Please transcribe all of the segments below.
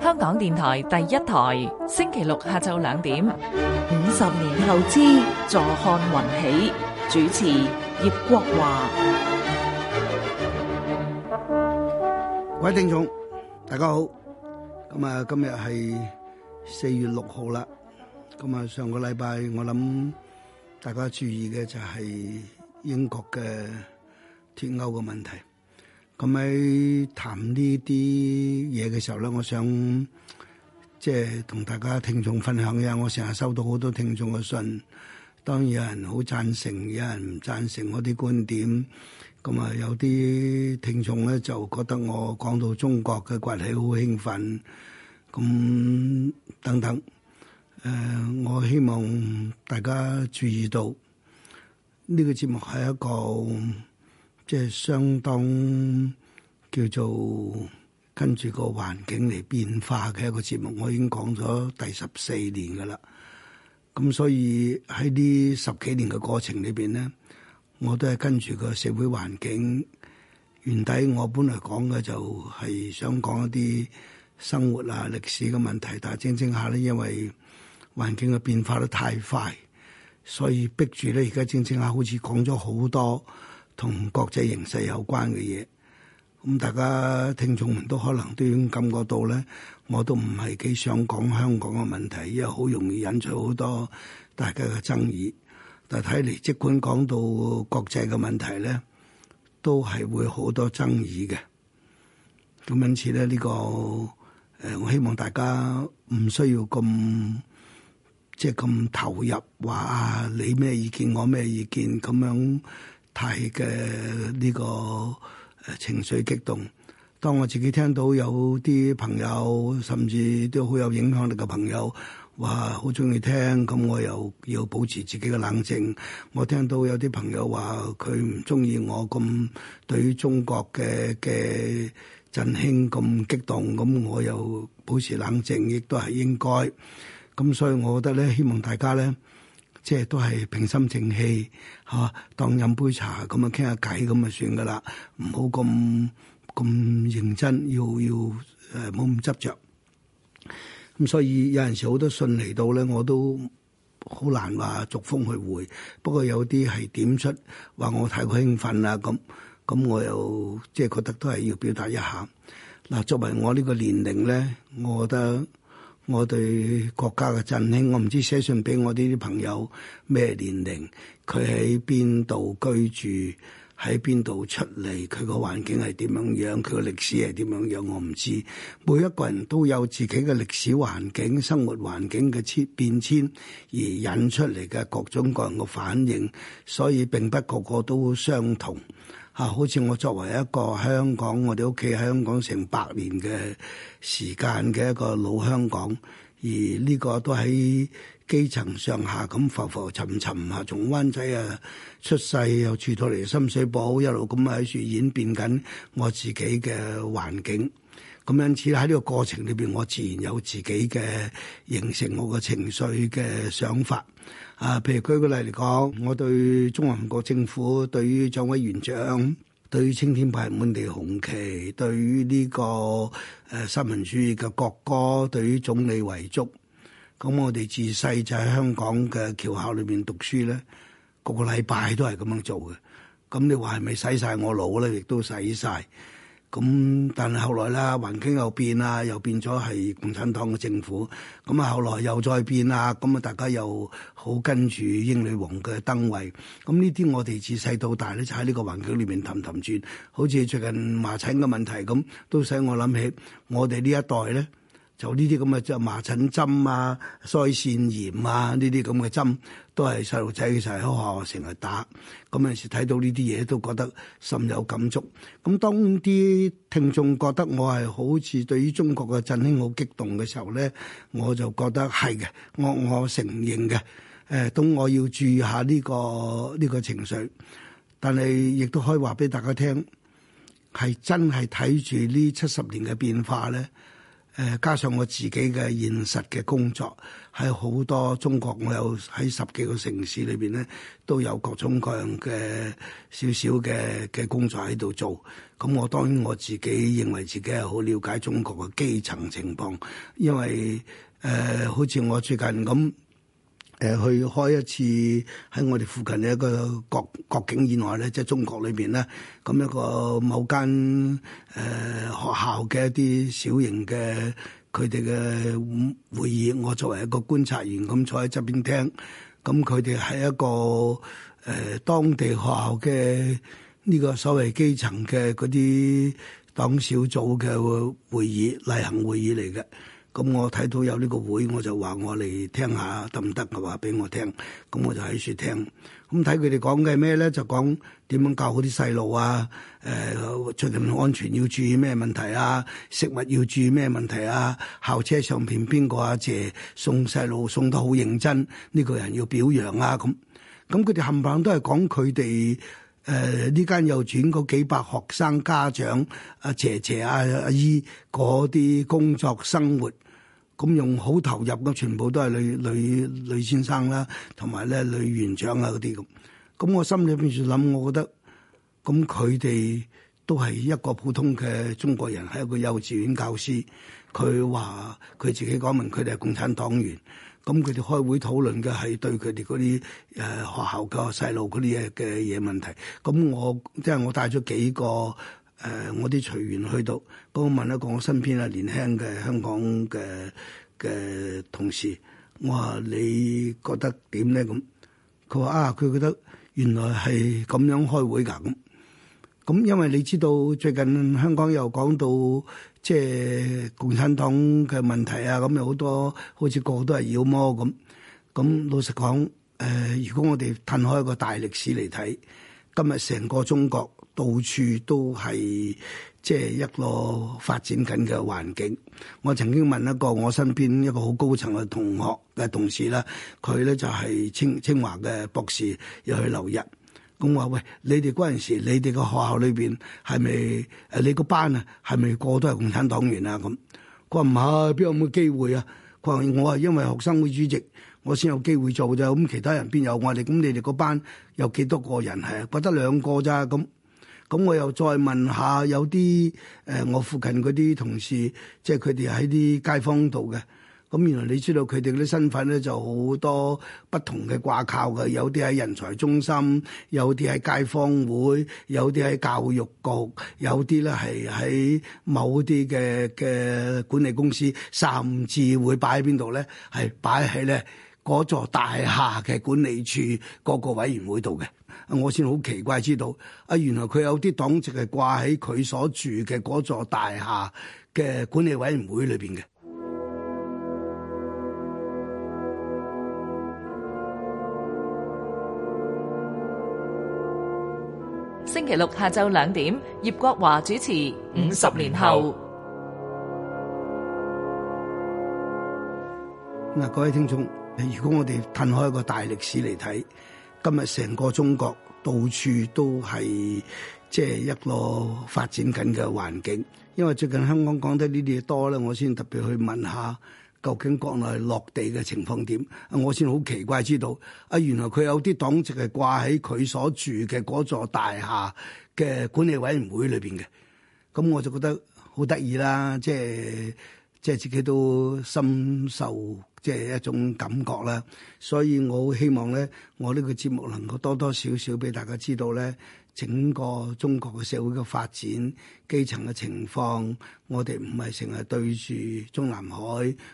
香港電台第一台，星期六下晝兩點。五十年後之，坐看雲起。主持葉國華。各位聽眾，大家好。咁啊，今日係四月六號啦。咁啊，上個禮拜我諗大家注意嘅就係英國嘅脫歐嘅問題。咁喺談呢啲嘢嘅時候咧，我想即係同大家聽眾分享一下。我成日收到好多聽眾嘅信，當然有人好贊成，有人唔贊成我啲觀點。咁啊，有啲聽眾咧就覺得我講到中國嘅崛起好興奮，咁等等。誒、呃，我希望大家注意到呢、這個節目係一個。即係相當叫做跟住個環境嚟變化嘅一個節目，我已經講咗第十四年噶啦。咁所以喺呢十幾年嘅過程裏邊咧，我都係跟住個社會環境。原底我本來講嘅就係想講一啲生活啊、歷史嘅問題，但係正正下咧，因為環境嘅變化得太快，所以逼住咧而家正正下好似講咗好多。同國際形勢有關嘅嘢，咁大家聽眾們都可能都已經感覺到咧，我都唔係幾想講香港嘅問題，因為好容易引出好多大家嘅爭議。但睇嚟，即管講到國際嘅問題咧，都係會好多爭議嘅。咁因此咧，呢個誒，我希望大家唔需要咁即係咁投入，話啊你咩意見，我咩意見咁樣。係嘅呢個情緒激動，當我自己聽到有啲朋友甚至都好有影響力嘅朋友，話好中意聽，咁我又要保持自己嘅冷靜。我聽到有啲朋友話佢唔中意我咁對於中國嘅嘅振興咁激動，咁我又保持冷靜，亦都係應該。咁所以我覺得咧，希望大家咧。即係都係平心靜氣嚇，當飲杯茶咁啊，傾下偈咁啊算噶啦，唔好咁咁認真，要要誒冇咁執着。咁所以有陣時好多信嚟到咧，我都好難話逐封去回。不過有啲係點出話我太過興奮啦咁，咁我又即係覺得都係要表達一下。嗱，作為我呢個年齡咧，我覺得。我對國家嘅振興，我唔知寫信俾我呢啲朋友咩年齡，佢喺邊度居住，喺邊度出嚟，佢個環境係點樣樣，佢個歷史係點樣樣，我唔知。每一個人都有自己嘅歷史環境、生活環境嘅變遷，而引出嚟嘅各種各樣嘅反應，所以並不個個都相同。嚇！好似我作為一個香港，我哋屋企喺香港成百年嘅時間嘅一個老香港，而呢個都喺基層上下咁浮浮沉沉嚇，從灣仔啊出世，又住到嚟深水埗，一路咁喺處演變緊我自己嘅環境。咁因此喺呢個過程裏邊，我自然有自己嘅形成我個情緒嘅想法。啊，譬如舉個例嚟講，我對中華民國政府、對於蔣委員長、對於青天白日滿地紅旗、對於呢、這個誒、呃、三民主義嘅國歌、對於總理遺囑，咁我哋自細就喺香港嘅僑校裏邊讀書咧，個個禮拜都係咁樣做嘅。咁你話係咪洗晒我腦咧？亦都洗晒。咁但係後來啦，環境又變啦，又變咗係共產黨嘅政府。咁啊，後來又再變啦，咁啊，大家又好跟住英女王嘅登位。咁呢啲我哋自細到大咧，就喺呢個環境裏面氹氹轉。好似最近麻疹嘅問題咁，都使我諗起我哋呢一代咧。就呢啲咁嘅即係麻疹針啊、腮腺炎啊呢啲咁嘅針，都係細路仔成日喺學校成日打。咁有時睇到呢啲嘢都覺得深有感觸。咁當啲聽眾覺得我係好似對於中國嘅振興好激動嘅時候咧，我就覺得係嘅，我我承認嘅。誒、呃，當我要注意下呢、呢個呢、呢個情緒，但係亦都可以話俾大家聽，係真係睇住呢七十年嘅變化咧。誒，加上我自己嘅現實嘅工作，喺好多中國，我有喺十幾個城市裏邊咧，都有各種各樣嘅少少嘅嘅工作喺度做。咁我當然我自己認為自己係好了解中國嘅基層情況，因為誒、呃、好似我最近咁。誒去開一次喺我哋附近嘅一個國國境以外咧，即係中國裏邊咧，咁一個某間誒學校嘅一啲小型嘅佢哋嘅會議，我作為一個觀察員咁坐喺側邊聽。咁佢哋係一個誒當地學校嘅呢個所謂基層嘅嗰啲黨小組嘅會議，例行會議嚟嘅。咁我睇到有呢個會，我就話我嚟聽下得唔得？我話俾我聽，咁我就喺處聽。咁睇佢哋講嘅咩咧？就講點樣教好啲細路啊？誒、呃，出行安全要注意咩問題啊？食物要注意咩問題啊？校車上邊邊個啊？謝送細路送得好認真，呢、這個人要表揚啊！咁，咁佢哋冚棒都係講佢哋。誒，呢、呃、間幼稚園嗰幾百學生家長，阿姐姐、啊、阿、啊、姨嗰啲工作生活，咁、嗯、用好投入嘅，全部都係女女女先生啦，同埋咧女園長啊嗰啲咁。咁、嗯、我心裏邊就諗，我覺得咁佢哋都係一個普通嘅中國人，係一個幼稚園教師，佢話佢自己講明，佢哋係共產黨員。咁佢哋開會討論嘅係對佢哋嗰啲誒學校教細路嗰啲嘢嘅嘢問題。咁我即係、就是、我帶咗幾個誒、呃、我啲隨員去到，咁我問一個我身邊嘅年輕嘅香港嘅嘅同事，我話，你覺得點咧？咁佢話啊，佢覺得原來係咁樣開會㗎。咁咁因為你知道最近香港又講到。即係共產黨嘅問題啊！咁有好多好似個個都係妖魔咁。咁老實講誒、呃，如果我哋褪開一個大歷史嚟睇，今日成個中國到處都係即係一個發展緊嘅環境。我曾經問一個我身邊一個好高層嘅同學嘅同事啦，佢咧就係清清華嘅博士要去留日。咁話喂，你哋嗰陣時，你哋個學校裏邊係咪誒？你個班啊，係咪個個都係共產黨員啊？咁佢話唔係，邊、啊、有咁嘅機會啊？佢話我係因為學生會主席，我先有機會做啫。咁、嗯、其他人邊有我哋？咁、嗯、你哋嗰班有幾多個人係？覺得兩個咋咁？咁我又再問下有啲誒、呃，我附近嗰啲同事，即係佢哋喺啲街坊度嘅。咁原來你知道佢哋啲身份咧，就好多不同嘅掛靠嘅，有啲喺人才中心，有啲喺街坊會，有啲喺教育局，有啲咧係喺某啲嘅嘅管理公司，甚至會擺喺邊度咧？係擺喺咧嗰座大廈嘅管理處各個委員會度嘅。我先好奇怪知道，啊原來佢有啲黨籍係掛喺佢所住嘅嗰座大廈嘅管理委員會裏邊嘅。星期六下晝兩點，葉國華主持《五十年後》。嗱，各位聽眾，如果我哋褪開一個大歷史嚟睇，今日成個中國到處都係即係一個發展緊嘅環境。因為最近香港講得呢啲嘢多啦，我先特別去問下。究竟國內落地嘅情況點？我先好奇怪知道，啊，原來佢有啲黨籍係掛喺佢所住嘅嗰座大廈嘅管理委員會裏邊嘅，咁我就覺得好得意啦，即係即係自己都深受即係一種感覺啦，所以我好希望咧，我呢個節目能夠多多少少俾大家知道咧。整個中國嘅社會嘅發展、基層嘅情況，我哋唔係成日對住中南海，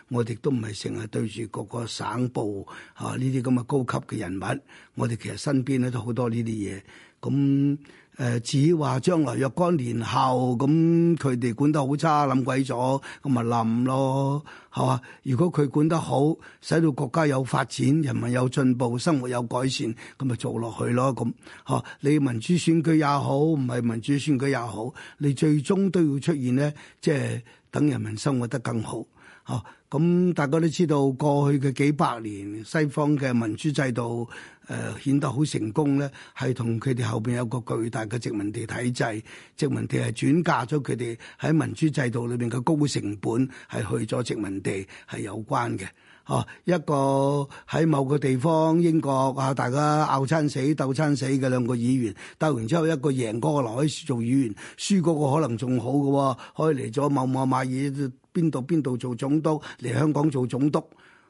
我哋都唔係成日對住各個省部啊呢啲咁嘅高級嘅人物，我哋其實身邊咧都好多呢啲嘢咁。誒只話將來若干年後，咁佢哋管得好差，冧鬼咗，咁咪冧咯，係嘛？如果佢管得好，使到國家有發展，人民有進步，生活有改善，咁咪做落去咯，咁嚇。你民主選舉也好，唔係民主選舉也好，你最終都要出現呢，即係等人民生活得更好，嚇。咁、嗯、大家都知道，過去嘅幾百年，西方嘅民主制度誒、呃、顯得好成功咧，係同佢哋後邊有個巨大嘅殖民地體制，殖民地係轉嫁咗佢哋喺民主制度裏邊嘅高成本，係去咗殖民地係有關嘅。哦，一個喺某個地方，英國啊，大家拗親死、鬥親死嘅兩個議員鬥完之後，一個贏嗰個可能做議員，輸嗰個可能仲好嘅喎，可以嚟咗某某買嘢，邊度邊度做總督，嚟香港做總督，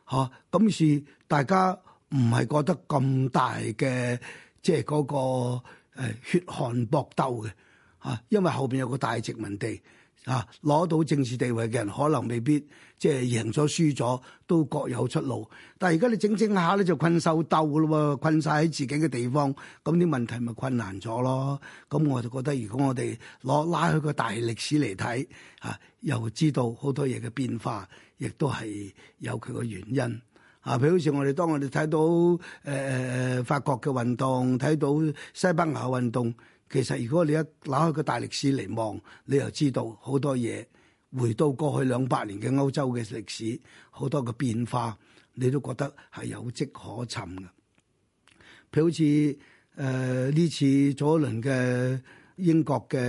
嚇、啊，咁是大家唔係覺得咁大嘅，即係嗰個誒血汗搏鬥嘅，嚇、啊，因為後邊有個大殖民地。啊！攞到政治地位嘅人可能未必即係贏咗輸咗都各有出路，但係而家你整整下咧就困獸鬥噶咯喎，困晒喺自己嘅地方，咁啲問題咪困難咗咯。咁、嗯、我就覺得，如果我哋攞拉去個大歷史嚟睇，啊，又知道好多嘢嘅變化，亦都係有佢個原因。啊，譬如好似我哋當我哋睇到誒誒、呃、法國嘅運動，睇到西班牙運動。其實如果你一攬開個大歷史嚟望，你又知道好多嘢。回到過去兩百年嘅歐洲嘅歷史，好多嘅變化，你都覺得係有跡可尋嘅。譬如好似誒呢次左輪嘅英國嘅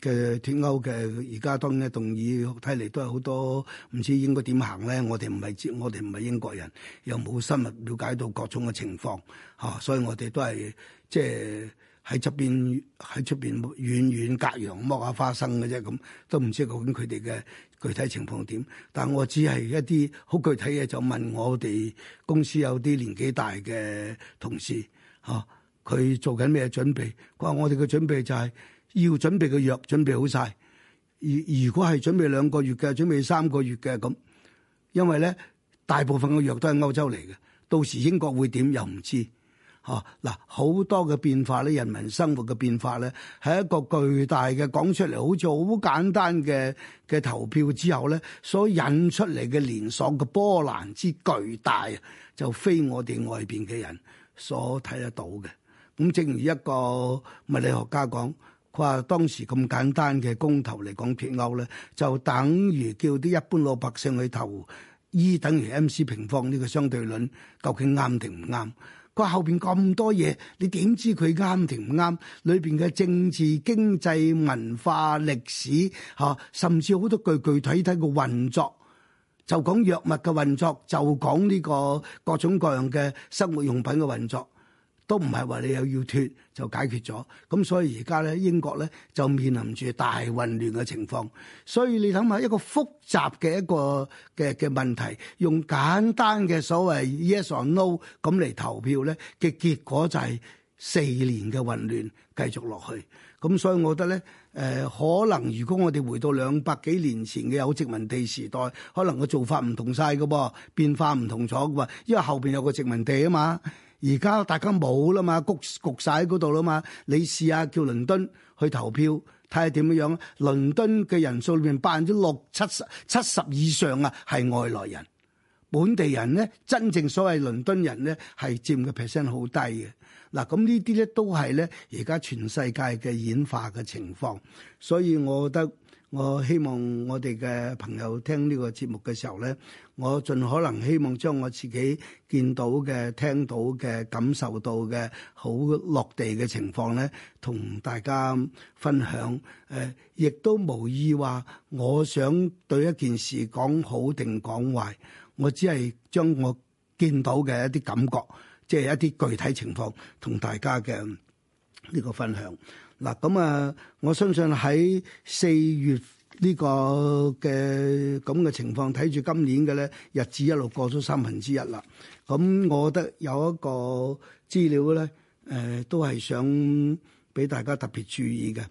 嘅脫歐嘅，而家當然嘅動議睇嚟都係好多唔知應該點行咧。我哋唔係接，我哋唔係英國人，又冇深入了解到各種嘅情況嚇、啊，所以我哋都係即係。喺出邊，喺出邊遠遠隔洋剝下花生嘅啫，咁都唔知究竟佢哋嘅具體情況點。但我只係一啲好具體嘅，就問我哋公司有啲年紀大嘅同事嚇，佢、啊、做緊咩準備？佢話我哋嘅準備就係要準備嘅藥準備好晒。如如果係準備兩個月嘅，準備三個月嘅咁，因為咧大部分嘅藥都係歐洲嚟嘅，到時英國會點又唔知。哦，嗱、啊，好多嘅變化咧，人民生活嘅變化咧，係一個巨大嘅。講出嚟好似好簡單嘅嘅投票之後咧，所引出嚟嘅連鎖嘅波瀾之巨大，就非我哋外邊嘅人所睇得到嘅。咁正如一個物理學家講，佢話當時咁簡單嘅公投嚟講脫歐咧，就等於叫啲一般老百姓去投 E 等於 M C 平方呢個相對論，究竟啱定唔啱？佢後邊咁多嘢，你點知佢啱定唔啱？裏邊嘅政治、經濟、文化、歷史，吓，甚至好多具具體體嘅運作。就講藥物嘅運作，就講呢個各種各樣嘅生活用品嘅運作。都唔係話你又要脱就解決咗，咁所以而家咧英國咧就面臨住大混亂嘅情況。所以你諗下一個複雜嘅一個嘅嘅問題，用簡單嘅所謂 yes or no 咁嚟投票咧，嘅結果就係四年嘅混亂繼續落去。咁所以我覺得咧誒，可能如果我哋回到兩百幾年前嘅有殖民地時代，可能個做法唔同曬㗎噃，變化唔同咗㗎噃，因為後邊有個殖民地啊嘛。而家大家冇啦嘛，焗焗曬喺嗰度啦嘛。你試下叫倫敦去投票，睇下點樣樣。倫敦嘅人數裏面，百分之六七十七十以上啊，係外來人。本地人咧，真正所謂倫敦人咧，係佔嘅 percent 好低嘅。嗱，咁呢啲咧都係咧，而家全世界嘅演化嘅情況，所以我覺得。我希望我哋嘅朋友聽呢個節目嘅時候咧，我盡可能希望將我自己見到嘅、聽到嘅、感受到嘅好落地嘅情況咧，同大家分享。誒，呃，亦都無意話我想對一件事講好定講壞，我只係將我見到嘅一啲感覺，即係一啲具體情況同大家嘅呢個分享。嗱咁啊！我相信喺四月呢個嘅咁嘅情況，睇住今年嘅、咧日子，一路過咗三分之一啦。咁我覺得有一個資料咧，誒、呃、都係想俾大家特別注意嘅。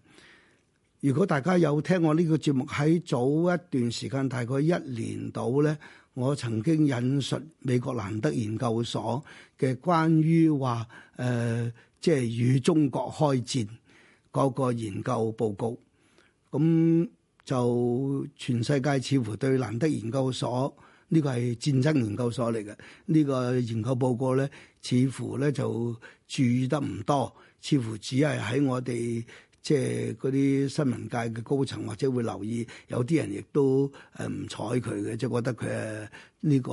如果大家有聽我呢個節目，喺早一段時間，大概一年度咧，我曾經引述美國蘭德研究所嘅關於話誒，即係與中國開戰。有個研究報告，咁就全世界似乎對蘭德研究所呢、呢個係戰爭研究所嚟嘅呢個研究報告咧，似乎咧就注意得唔多，似乎只係喺我哋即係嗰啲新聞界嘅高層或者會留意，有啲人亦都誒唔睬佢嘅，即係覺得佢呢個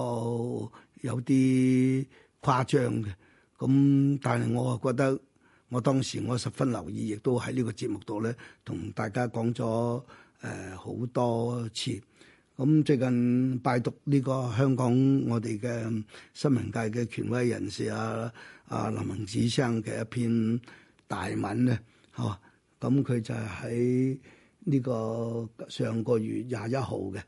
有啲誇張嘅，咁但係我啊覺得。我當時我十分留意，亦都喺呢個節目度咧，同大家講咗誒好多次。咁最近拜讀呢個香港我哋嘅新聞界嘅權威人士啊，啊林文子生嘅一篇大文咧，嚇咁佢就喺呢個上個月廿一號嘅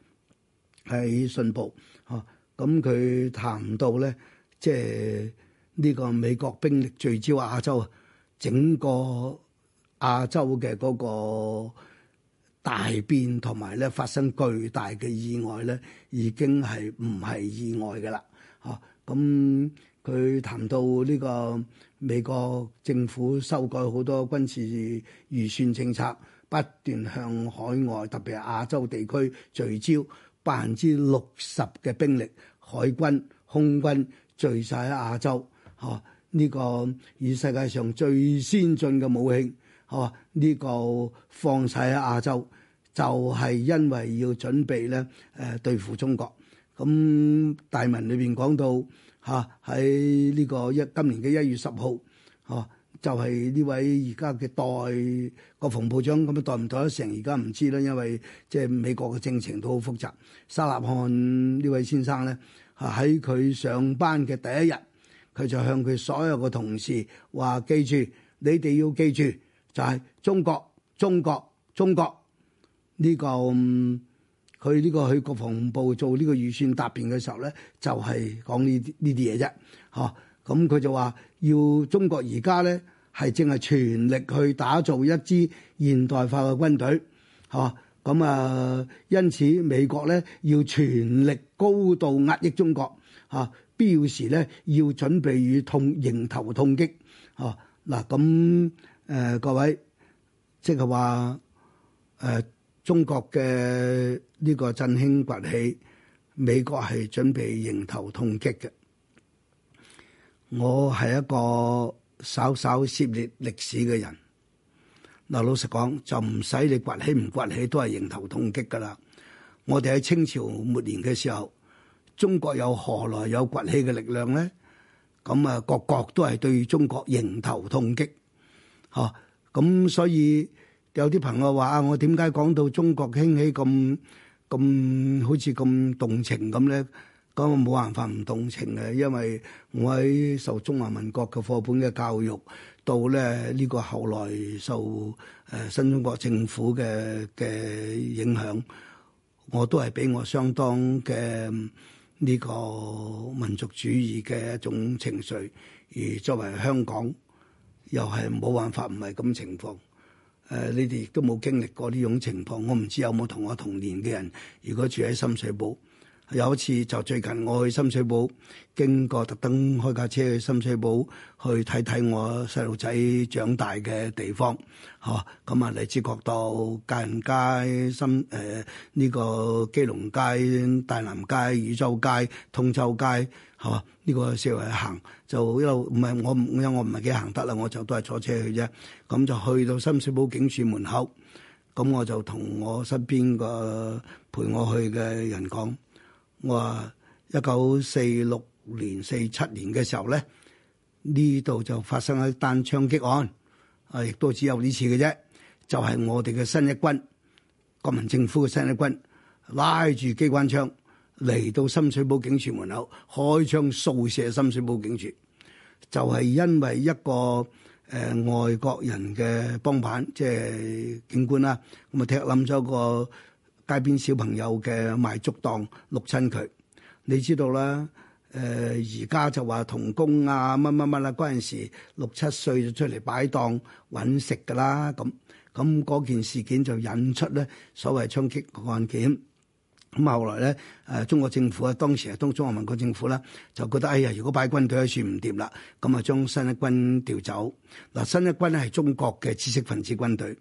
喺信報嚇，咁佢談到咧，即係呢個美國兵力聚焦亞洲。整個亞洲嘅嗰個大變，同埋咧發生巨大嘅意外咧，已經係唔係意外㗎啦？嚇！咁佢談到呢個美國政府修改好多軍事預算政策，不斷向海外，特別係亞洲地區聚焦百分之六十嘅兵力，海軍、空軍聚晒喺亞洲，嚇！呢個以世界上最先進嘅武器，嚇呢、這個放晒喺亞洲，就係、是、因為要準備咧誒、呃、對付中國。咁、嗯、大文裏邊講到吓，喺、啊、呢個一今年嘅一月十號嚇就係、是、呢位而家嘅代國防部長，咁樣代唔代得成，而家唔知啦，因為即係美國嘅政情都好複雜。沙納漢呢位先生咧，喺、啊、佢上班嘅第一日。佢就向佢所有嘅同事話：記住，你哋要記住，就係中國、中國、中國。呢個佢呢個去國防部做呢個預算答辯嘅時候咧，就係講呢呢啲嘢啫。嚇，咁佢就話要中國而家咧係正係全力去打造一支現代化嘅軍隊。嚇，咁啊，因此美國咧要全力高度壓抑中國。嚇。必要時咧，要準備與痛迎頭痛擊。哦，嗱咁誒，各位即係話誒，中國嘅呢個振興崛起，美國係準備迎頭痛擊嘅。我係一個稍稍涉獵歷史嘅人。嗱、呃，老實講，就唔使你崛起唔崛起，都係迎頭痛擊噶啦。我哋喺清朝末年嘅時候。中國有何來有崛起嘅力量咧？咁啊，各國都係對中國迎頭痛擊，嚇咁。所以有啲朋友話啊，我點解講到中國興起咁咁好似咁動情咁咧？咁啊，我冇辦法唔動情嘅，因為我喺受中華民國嘅課本嘅教育，到咧呢個後來受誒新中國政府嘅嘅影響，我都係俾我相當嘅。呢個民族主義嘅一種情緒，而作為香港又係冇辦法唔係咁情況，誒、呃、你哋都冇經歷過呢種情況，我唔知有冇同我同年嘅人，如果住喺深水埗。有一次就最近我去深水埗，經過特登開架車去深水埗去睇睇我細路仔長大嘅地方，嚇咁啊！荔枝角道、界限街、深誒呢個基隆街、大南街、宇宙街、通州街，係嘛？呢個四圍行就又唔係我唔我我唔係幾行得啦，我就都係坐車去啫。咁就去到深水埗警署門口，咁我就同我身邊個陪我去嘅人講。我話一九四六年、四七年嘅時候咧，呢度就發生咗一單槍擊案，啊，亦都只有呢次嘅啫，就係我哋嘅新一軍，國民政府嘅新一軍拉住機關槍嚟到深水埗警署門口，開槍掃射深水埗警署，就係因為一個誒外國人嘅幫辦，即係警官啦，咁啊踢冧咗個。街邊小朋友嘅賣竹檔，錄親佢。你知道啦，誒而家就話童工啊，乜乜乜啦。嗰陣時六七歲就出嚟擺檔揾食㗎啦，咁咁嗰件事件就引出咧所謂槍擊案件。咁後來咧，誒、啊、中國政府啊，當時啊，中中華民國政府啦，就覺得哎呀，如果擺軍隊算唔掂啦，咁啊將新一軍調走。嗱、啊，新一軍咧係中國嘅知識分子軍隊，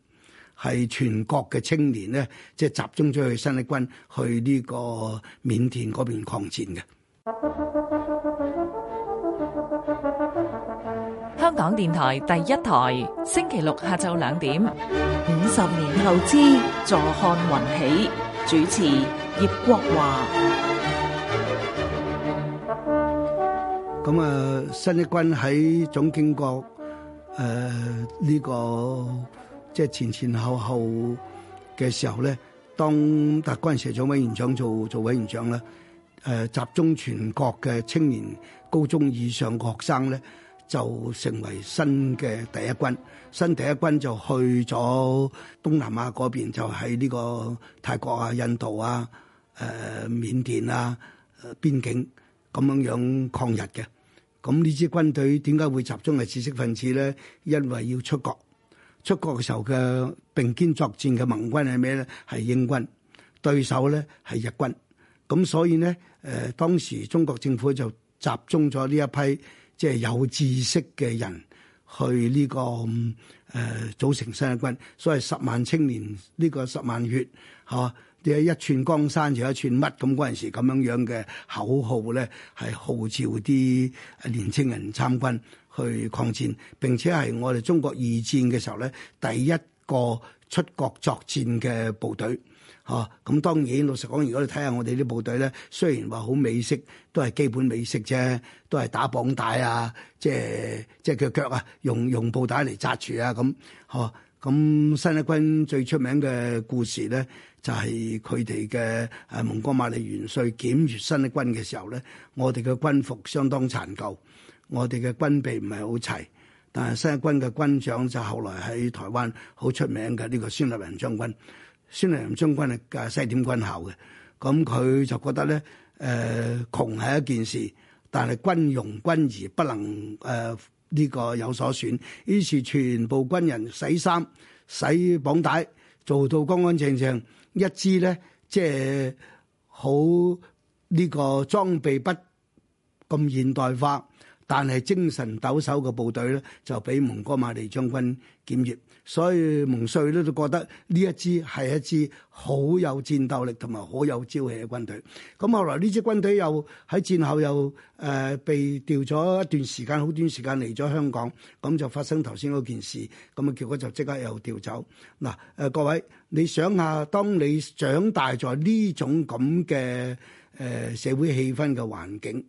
係全國嘅青年咧，即係集中咗去新一軍去呢個緬甸嗰邊抗戰嘅。香港電台第一台，星期六下晝兩點。五十年後之，坐看雲起。主持葉國華。咁啊，新一軍喺總經局，誒呢個。即係前前後後嘅時候咧，當特軍社長委員長做做委員長咧，誒，集中全國嘅青年高中以上學生咧，就成為新嘅第一軍。新第一軍就去咗東南亞嗰邊，就喺呢個泰國啊、印度啊、誒、呃、緬甸啊誒邊境咁樣樣抗日嘅。咁呢支軍隊點解會集中係知識分子咧？因為要出國。出國嘅時候嘅並肩作戰嘅盟軍係咩咧？係英軍，對手咧係日軍。咁所以咧，誒、呃、當時中國政府就集中咗呢一批即係有知識嘅人去呢、這個誒、呃、組成新日軍新一軍，所謂十萬青年呢、這個十萬血嚇，有、啊、一寸江山就有一寸乜咁嗰陣時咁樣樣嘅口號咧，係號召啲年青人參軍，去抗戰，並且係我哋中國二戰嘅時候咧，第一個出國作戰嘅部隊，嚇咁當然老實講，如果你睇下我哋啲部隊咧，雖然話好美式，都係基本美式啫，都係打綁帶啊，即係即係腳腳啊，用用布帶嚟紮住啊，咁嚇咁新一軍最出名嘅故事咧，就係佢哋嘅誒蒙哥馬利元帥檢閱新一軍嘅時候咧，我哋嘅軍服相當殘舊。我哋嘅軍備唔係好齊，但係新一軍嘅軍長就後來喺台灣好出名嘅呢、這個孫立人將軍。孫立人將軍係西點軍校嘅，咁佢就覺得咧，誒、呃、窮係一件事，但係軍容軍儀不能誒呢、呃這個有所損。於是全部軍人洗衫、洗綁帶，做到乾乾淨淨。一支咧，即係好呢個裝備不咁現代化。但係精神抖擻嘅部隊咧，就俾蒙哥馬利將軍檢閱，所以蒙瑞咧都覺得呢一支係一支好有戰鬥力同埋好有朝氣嘅軍隊。咁、嗯、後來呢支軍隊又喺戰後又誒、呃、被調咗一段時間，好短時間嚟咗香港，咁就發生頭先嗰件事，咁啊結果就即刻又調走。嗱、呃、誒、呃、各位，你想下，當你長大喺呢種咁嘅誒社會氣氛嘅環境。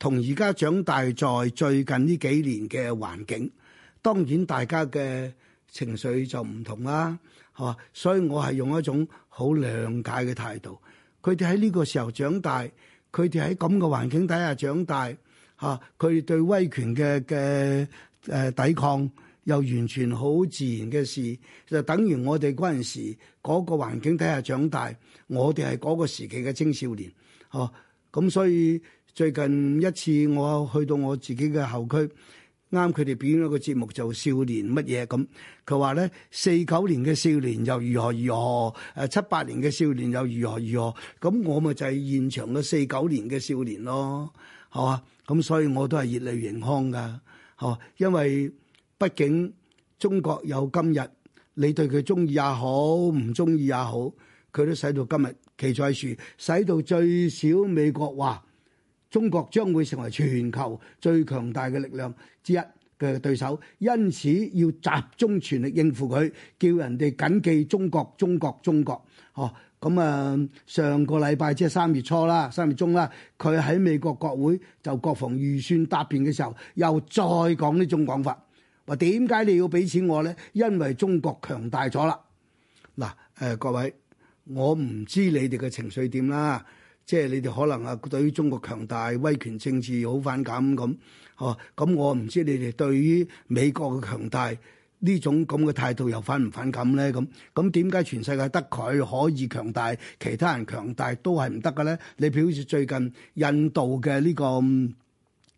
同而家長大在最近呢幾年嘅環境，當然大家嘅情緒就唔同啦，係所以我係用一種好諒解嘅態度。佢哋喺呢個時候長大，佢哋喺咁嘅環境底下長大，嚇佢哋對威權嘅、嘅誒抵抗又完全好自然嘅事，就等於我哋嗰陣時嗰個環境底下長大，我哋係嗰個時期嘅青少年，嚇咁所以。最近一次我去到我自己嘅後區，啱佢哋表演一個節目，就少年乜嘢咁。佢話咧四九年嘅少年又如何如何，誒，七八年嘅少年又如何如何。咁我咪就係現場嘅四九年嘅少年咯，係嘛？咁所以我都係熱淚盈眶噶，哦，因為畢竟中國有今日，你對佢中意也好，唔中意也好，佢都使到今日奇在樹使到最少美國話。中國將會成為全球最強大嘅力量之一嘅對手，因此要集中全力應付佢，叫人哋緊記中國、中國、中國。哦、啊，咁、嗯、啊，上個禮拜即係三月初啦，三月中啦，佢喺美國國會就國防預算答辯嘅時候，又再講呢種講法，話點解你要俾錢我呢？因為中國強大咗啦。嗱、啊，誒、呃、各位，我唔知你哋嘅情緒點啦。即係你哋可能啊，對於中國強大威權政治好反感咁，哦、啊、咁、嗯嗯、我唔知你哋對於美國嘅強大呢種咁嘅態度又反唔反感咧咁？咁點解全世界得佢可以強大，其他人強大都係唔得嘅咧？你譬如最近印度嘅呢個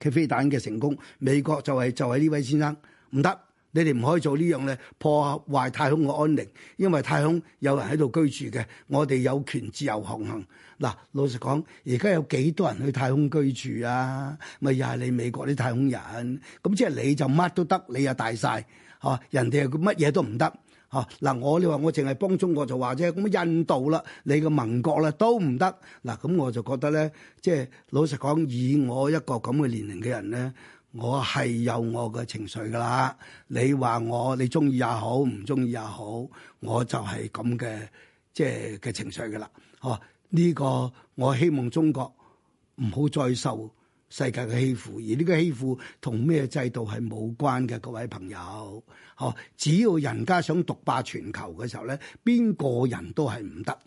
嘅飛彈嘅成功，美國就係、是、就係、是、呢位先生唔得。你哋唔可以做呢樣咧，破壞太空嘅安寧，因為太空有人喺度居住嘅，我哋有權自由航行，行。嗱，老實講，而家有幾多人去太空居住啊？咪又係你美國啲太空人。咁即係你就乜都得，你又大晒。嚇人哋又乜嘢都唔得，嚇嗱。你我你話我淨係幫中國就話啫，咁印度啦，你個盟國啦都唔得。嗱，咁我就覺得咧，即係老實講，以我一個咁嘅年齡嘅人咧。我係有我嘅情緒噶啦。你話我你中意也好，唔中意也好，我就係咁嘅即係嘅情緒噶啦。哦，呢個我希望中國唔好再受世界嘅欺負。而呢個欺負同咩制度係冇關嘅，各位朋友。哦，只要人家想獨霸全球嘅時候咧，邊個人都係唔得。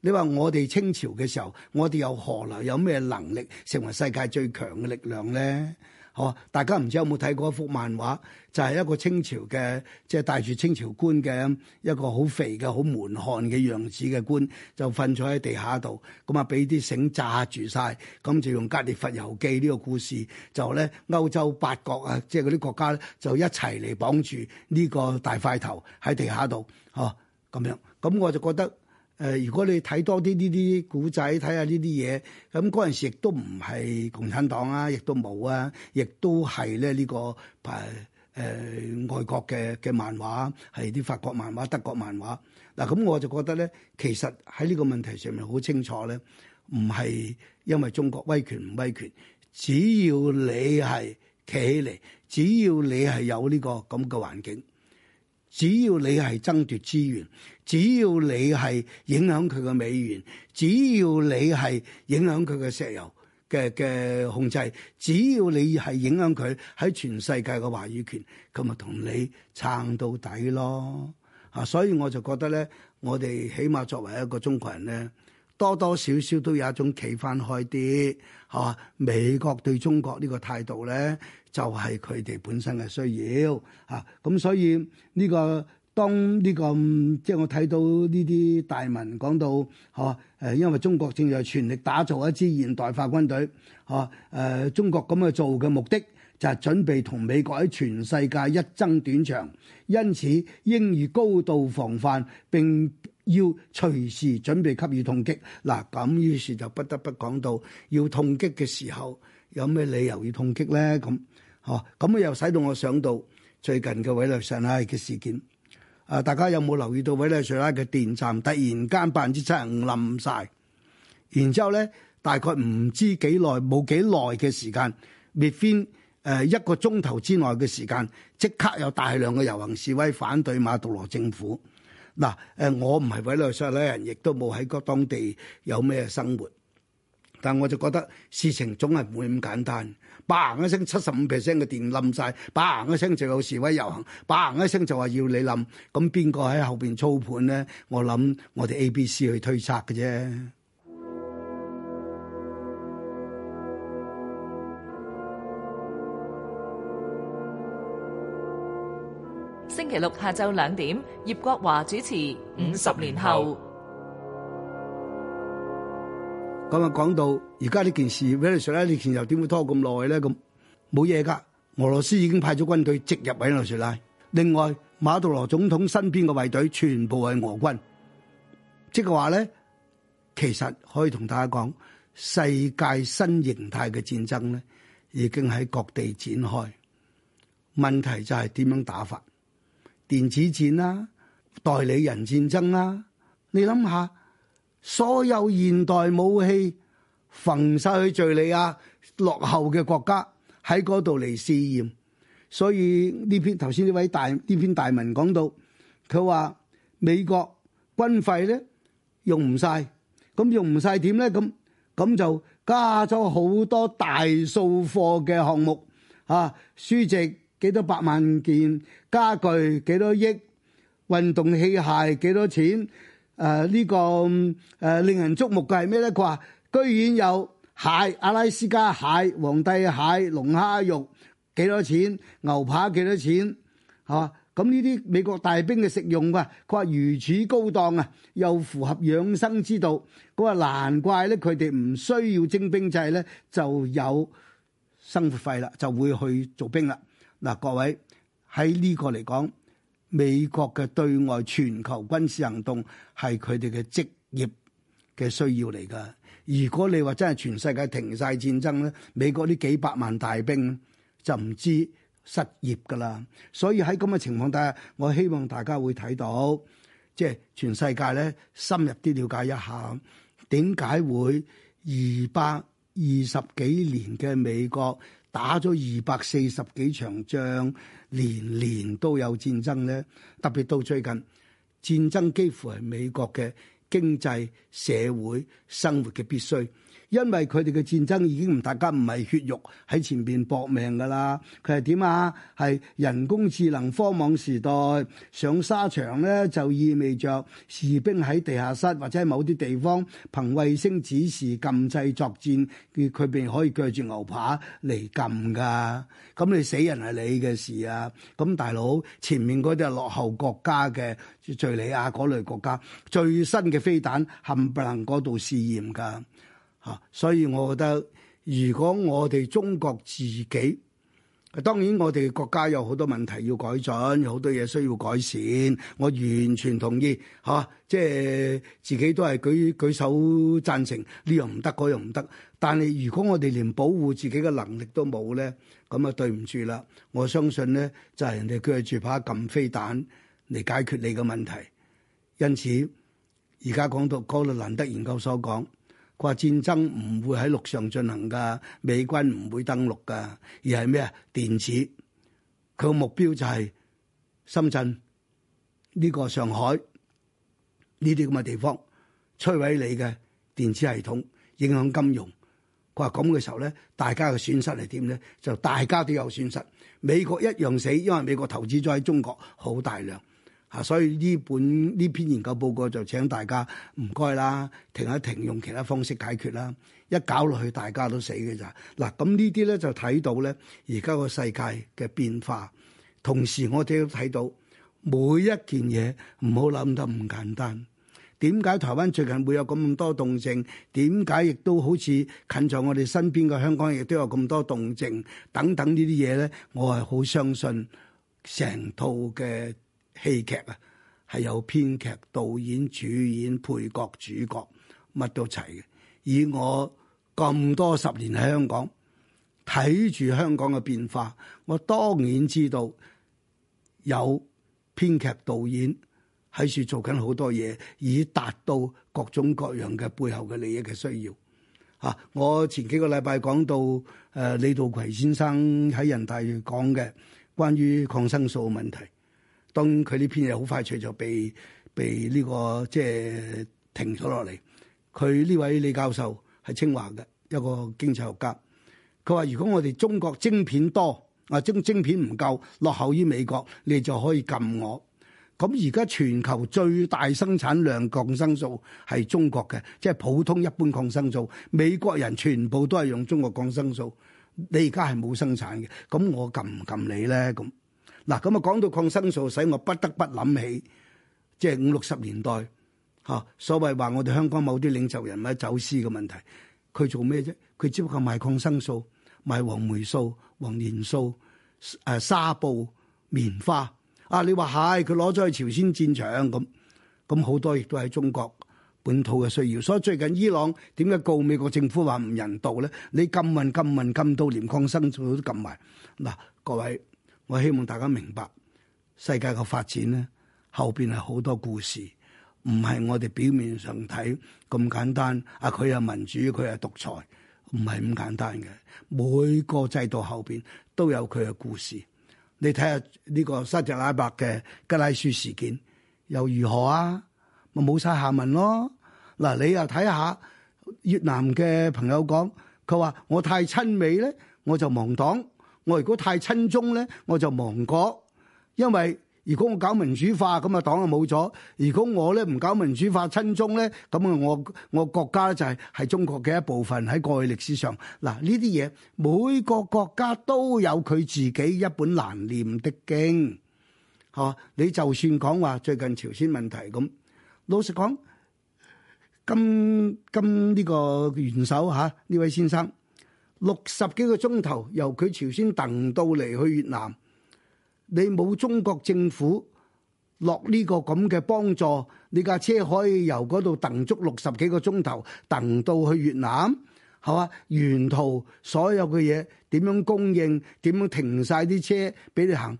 你話我哋清朝嘅時候，我哋有何來有咩能力成為世界最強嘅力量咧？嚇！大家唔知有冇睇過一幅漫畫，就係、是、一個清朝嘅，即係帶住清朝官嘅一個好肥嘅、好門漢嘅樣子嘅官，就瞓咗喺地下度，咁啊俾啲繩紮住晒。咁就用《格列佛遊記》呢、這個故事，就咧歐洲八國啊，即係嗰啲國家就一齊嚟綁住呢個大塊頭喺地下度，嚇咁樣。咁我就覺得。誒，如果你睇多啲呢啲古仔，睇下呢啲嘢，咁嗰陣時亦都唔係共產黨啊，亦都冇啊、這個，亦都係咧呢個誒誒外國嘅嘅漫畫，係啲法國漫畫、德國漫畫，嗱咁我就覺得咧，其實喺呢個問題上面好清楚咧，唔係因為中國威權唔威權，只要你係企起嚟，只要你係有呢、這個咁嘅環境。只要你係爭奪資源，只要你係影響佢嘅美元，只要你係影響佢嘅石油嘅嘅控制，只要你係影響佢喺全世界嘅話語權，咁咪同你撐到底咯嚇！所以我就覺得咧，我哋起碼作為一個中國人咧。多多少少都有一種企翻開啲，吓、啊、美國對中國個呢個態度咧，就係佢哋本身嘅需要嚇。咁、啊、所以呢、這個當呢、這個即係我睇到呢啲大文講到吓誒、啊、因為中國正在全力打造一支現代化軍隊吓誒中國咁去做嘅目的。就準備同美國喺全世界一爭短長，因此應以高度防範，並要隨時準備給予痛擊嗱。咁於是就不得不講到要痛擊嘅時候有咩理由要痛擊咧？咁哦，咁又使到我想到最近嘅委內瑞拉嘅事件啊，大家有冇留意到委內瑞拉嘅電站突然間百分之七十五冧晒？然之後咧，大概唔知幾耐冇幾耐嘅時間，別誒一個鐘頭之內嘅時間，即刻有大量嘅遊行示威反對馬杜羅政府。嗱，誒我唔係委內瑞拉人，亦都冇喺個當地有咩生活，但我就覺得事情總係唔會咁簡單。叭行一聲七十五 percent 嘅電冧晒；叭行一聲就有示威遊行，叭行一聲就話要你冧，咁邊個喺後邊操盤呢？我諗我哋 ABC 去推測嘅啫。星期六下晝兩點，葉國華主持《五十年後》。咁啊，講到而家呢件事，委內瑞拉以前又點會拖咁耐咧？咁冇嘢噶，俄羅斯已經派咗軍隊直入委內瑞拉。另外，馬杜羅總統身邊嘅衛隊全部係俄軍，即係話咧，其實可以同大家講，世界新形態嘅戰爭咧已經喺各地展開。問題就係點樣打法？電子戰啦，代理人戰爭啦，你諗下，所有現代武器焚曬去敘利亞，落後嘅國家喺嗰度嚟試驗。所以呢篇頭先呢位大呢篇大文講到，佢話美國軍費咧用唔曬，咁用唔曬點咧？咁咁就加咗好多大數貨嘅項目啊，書籍。幾多百萬件家具，幾多億運動器械，幾多錢？誒呢個誒令人矚目嘅係咩咧？佢話居然有蟹，阿拉斯加蟹、皇帝蟹、龍蝦肉，幾多錢？牛扒幾多錢？吓，咁呢啲美國大兵嘅食用啊，佢話如此高檔啊，又符合養生之道。佢話難怪咧，佢哋唔需要徵兵制咧，就有生活費啦，就會去做兵啦。嗱，各位喺呢個嚟講，美國嘅對外全球軍事行動係佢哋嘅職業嘅需要嚟㗎。如果你話真係全世界停晒戰爭咧，美國呢幾百萬大兵就唔知失業㗎喇。所以喺咁嘅情況底下，我希望大家會睇到，即係全世界咧，深入啲了解一下點解會二百二十幾年嘅美國。打咗二百四十幾場仗，年年都有戰爭咧，特別到最近，戰爭幾乎係美國嘅。經濟社會生活嘅必須，因為佢哋嘅戰爭已經唔，大家唔係血肉喺前邊，搏命噶啦。佢係點啊？係人工智能科網時代上沙場咧，就意味着士兵喺地下室或者喺某啲地方，憑衛星指示撳掣作戰，佢佢便可以鋸住牛扒嚟，撳噶。咁你死人係你嘅事啊！咁大佬前面嗰啲係落後國家嘅，敘利亞嗰類國家最新嘅。飛彈冚唪唥嗰度試驗㗎嚇、啊，所以我覺得，如果我哋中國自己，當然我哋國家有好多問題要改進，有好多嘢需要改善。我完全同意嚇、啊，即係自己都係舉舉手贊成呢樣唔得，嗰樣唔得。但係如果我哋連保護自己嘅能力都冇咧，咁啊對唔住啦。我相信咧就係、是、人哋佢住把撳飛彈嚟解決你嘅問題，因此。而家講到蘭德研究所講，佢話戰爭唔會喺陸上進行㗎，美軍唔會登陸㗎，而係咩啊？電子佢個目標就係深圳呢、呢個、上海呢啲咁嘅地方，摧毀你嘅電子系統，影響金融。佢話咁嘅時候咧，大家嘅損失係點咧？就大家都有損失，美國一樣死，因為美國投資咗喺中國好大量。啊！所以呢本呢篇研究報告就請大家唔該啦，停一停，用其他方式解決啦。一搞落去大家都死嘅咋嗱？咁呢啲咧就睇到咧，而家個世界嘅變化。同時我哋都睇到每一件嘢，唔好諗得唔簡單。點解台灣最近會有咁多動靜，點解亦都好似近在我哋身邊嘅香港亦都有咁多動靜等等呢啲嘢咧，我係好相信成套嘅。戲劇啊，係有編劇、導演、主演、配角、主角，乜都齊嘅。以我咁多十年喺香港睇住香港嘅變化，我當然知道有編劇、導演喺處做緊好多嘢，以達到各種各樣嘅背後嘅利益嘅需要。啊，我前幾個禮拜講到誒、呃、李道奎先生喺人大講嘅關於抗生素嘅問題。當佢呢篇嘢好快脆就被被呢、這個即係、就是、停咗落嚟。佢呢位李教授係清華嘅一個經濟學家，佢話：如果我哋中國晶片多，啊晶晶片唔夠，落後於美國，你就可以撳我。咁而家全球最大生產量抗生素係中國嘅，即、就、係、是、普通一般抗生素，美國人全部都係用中國抗生素。你而家係冇生產嘅，咁我撳唔撳你咧？咁。嗱，咁啊，講到抗生素，使我不得不諗起，即係五六十年代，嚇所謂話我哋香港某啲領袖人物走私嘅問題，佢做咩啫？佢只不過賣抗生素、賣黃梅素、黃連素、誒紗布、棉花。啊，你話係佢攞咗去朝鮮戰場咁，咁好多亦都係中國本土嘅需要。所以最近伊朗點解告美國政府話唔人道咧？你禁運、禁運、禁到連抗生素都禁埋。嗱，各位。我希望大家明白，世界嘅發展咧，後邊係好多故事，唔係我哋表面上睇咁簡單啊，佢係民主，佢係獨裁，唔係咁簡單嘅。每個制度後邊都有佢嘅故事。你睇下呢個沙特阿拉伯嘅吉拉舒事件又如何啊？咪冇晒下文咯。嗱，你又睇下越南嘅朋友講，佢話我太親美咧，我就亡黨。我如果太親中咧，我就亡國。因為如果我搞民主化，咁啊黨啊冇咗；如果我咧唔搞民主化親中咧，咁啊我我國家就係係中國嘅一部分喺過去歷史上。嗱呢啲嘢每個國家都有佢自己一本難念的經。嚇你就算講話最近朝鮮問題咁，老實講，金金呢個元首嚇呢、啊、位先生。六十幾個鐘頭由佢朝鮮蹬到嚟去越南，你冇中國政府落呢個咁嘅幫助，你架車可以由嗰度蹬足六十幾個鐘頭蹬到去越南，係嘛？沿途所有嘅嘢點樣供應，點樣停晒啲車俾你行？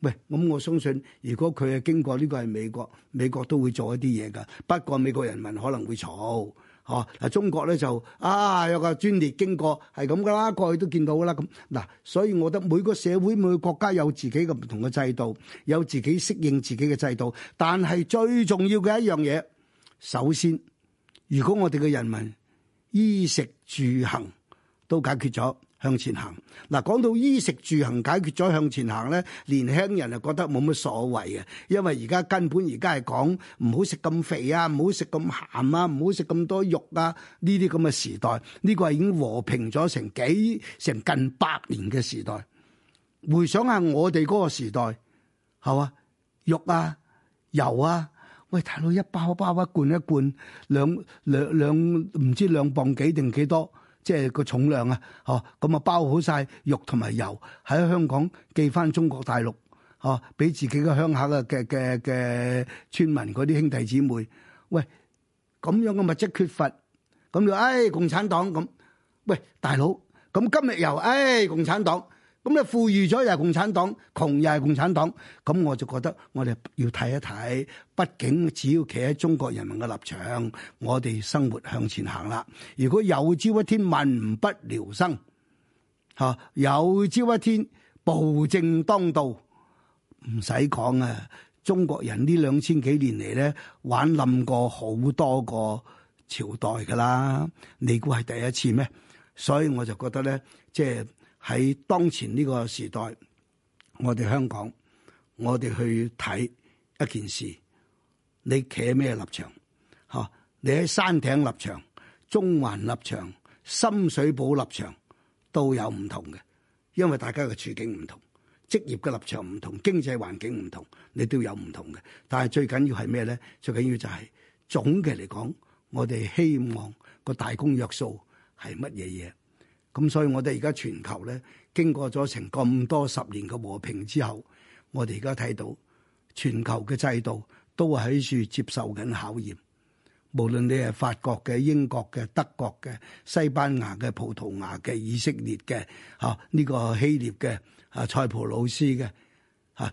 喂，咁我相信如果佢係經過呢個係美國，美國都會做一啲嘢噶，不過美國人民可能會嘈。哦，嗱，中國咧就啊有個專列經過，係咁噶啦，過去都見到噶啦咁。嗱、啊，所以我覺得每個社會每個國家，有自己嘅唔同嘅制度，有自己適應自己嘅制度。但係最重要嘅一樣嘢，首先，如果我哋嘅人民衣食住行都解決咗。向前行，嗱，講到衣食住行解決咗向前行咧，年輕人就覺得冇乜所謂嘅，因為而家根本而家係講唔好食咁肥啊，唔好食咁鹹啊，唔好食咁多肉啊，呢啲咁嘅時代，呢個係已經和平咗成幾成近百年嘅時代。回想下我哋嗰個時代，係嘛，肉啊油啊，喂大佬一包包一包一罐一罐兩兩兩唔知兩磅，幾定幾多、多。即係個重量啊，哦，咁啊包好晒肉同埋油喺香港寄翻中國大陸，哦，俾自己嘅鄉下嘅嘅嘅嘅村民嗰啲兄弟姊妹，喂，咁樣嘅物質缺乏，咁就唉共產黨咁，喂大佬，咁今日又唉共產黨。咁你富裕咗又係共產黨，窮又係共產黨，咁我就覺得我哋要睇一睇，畢竟只要企喺中國人民嘅立場，我哋生活向前行啦。如果有朝一天民不聊生，吓有朝一天暴政當道，唔使講啊！中國人呢兩千幾年嚟咧，玩冧過好多個朝代噶啦，你估係第一次咩？所以我就覺得咧，即係。喺當前呢個時代，我哋香港，我哋去睇一件事，你企咩立場吓，你喺山頂立場、中環立場、深水埗立場都有唔同嘅，因為大家嘅處境唔同，職業嘅立場唔同，經濟環境唔同，你都有唔同嘅。但係最緊要係咩咧？最緊要就係、是、總嘅嚟講，我哋希望個大公約數係乜嘢嘢？咁所以，我哋而家全球咧，經過咗成咁多十年嘅和平之後，我哋而家睇到全球嘅制度都喺處接受緊考驗。無論你係法國嘅、英國嘅、德國嘅、西班牙嘅、葡萄牙嘅、以色列嘅，嚇、這、呢個希臘嘅、啊塞浦路斯嘅、嚇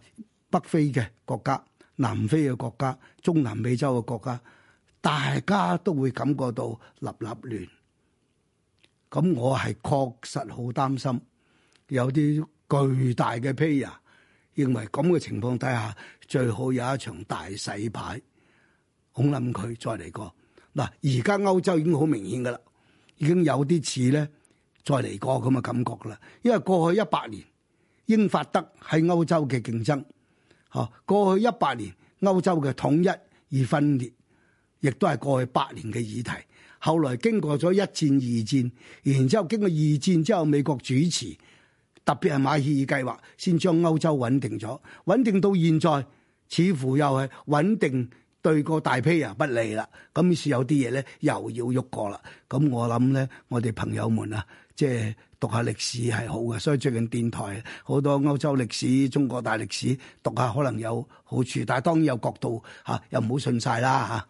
北非嘅國家、南非嘅國家、中南美洲嘅國家，大家都會感覺到立立亂。咁我係確實好擔心，有啲巨大嘅 player，認為咁嘅情況底下，最好有一場大洗牌。恐諗佢再嚟過。嗱，而家歐洲已經好明顯噶啦，已經有啲似咧再嚟過咁嘅感覺啦。因為過去一百年，英法德喺歐洲嘅競爭，嚇過去一百年歐洲嘅統一而分裂，亦都係過去百年嘅議題。後來經過咗一戰、二戰，然之後經過二戰之後，美國主持，特別係馬歇爾計劃，先將歐洲穩定咗，穩定到現在，似乎又係穩定對個大批人不利啦。咁於是有啲嘢咧又要喐過啦。咁我諗咧，我哋朋友們啊，即係讀下歷史係好嘅，所以最近電台好多歐洲歷史、中國大歷史，讀下可能有好處，但係當然有角度吓、啊，又唔好信晒啦吓。啊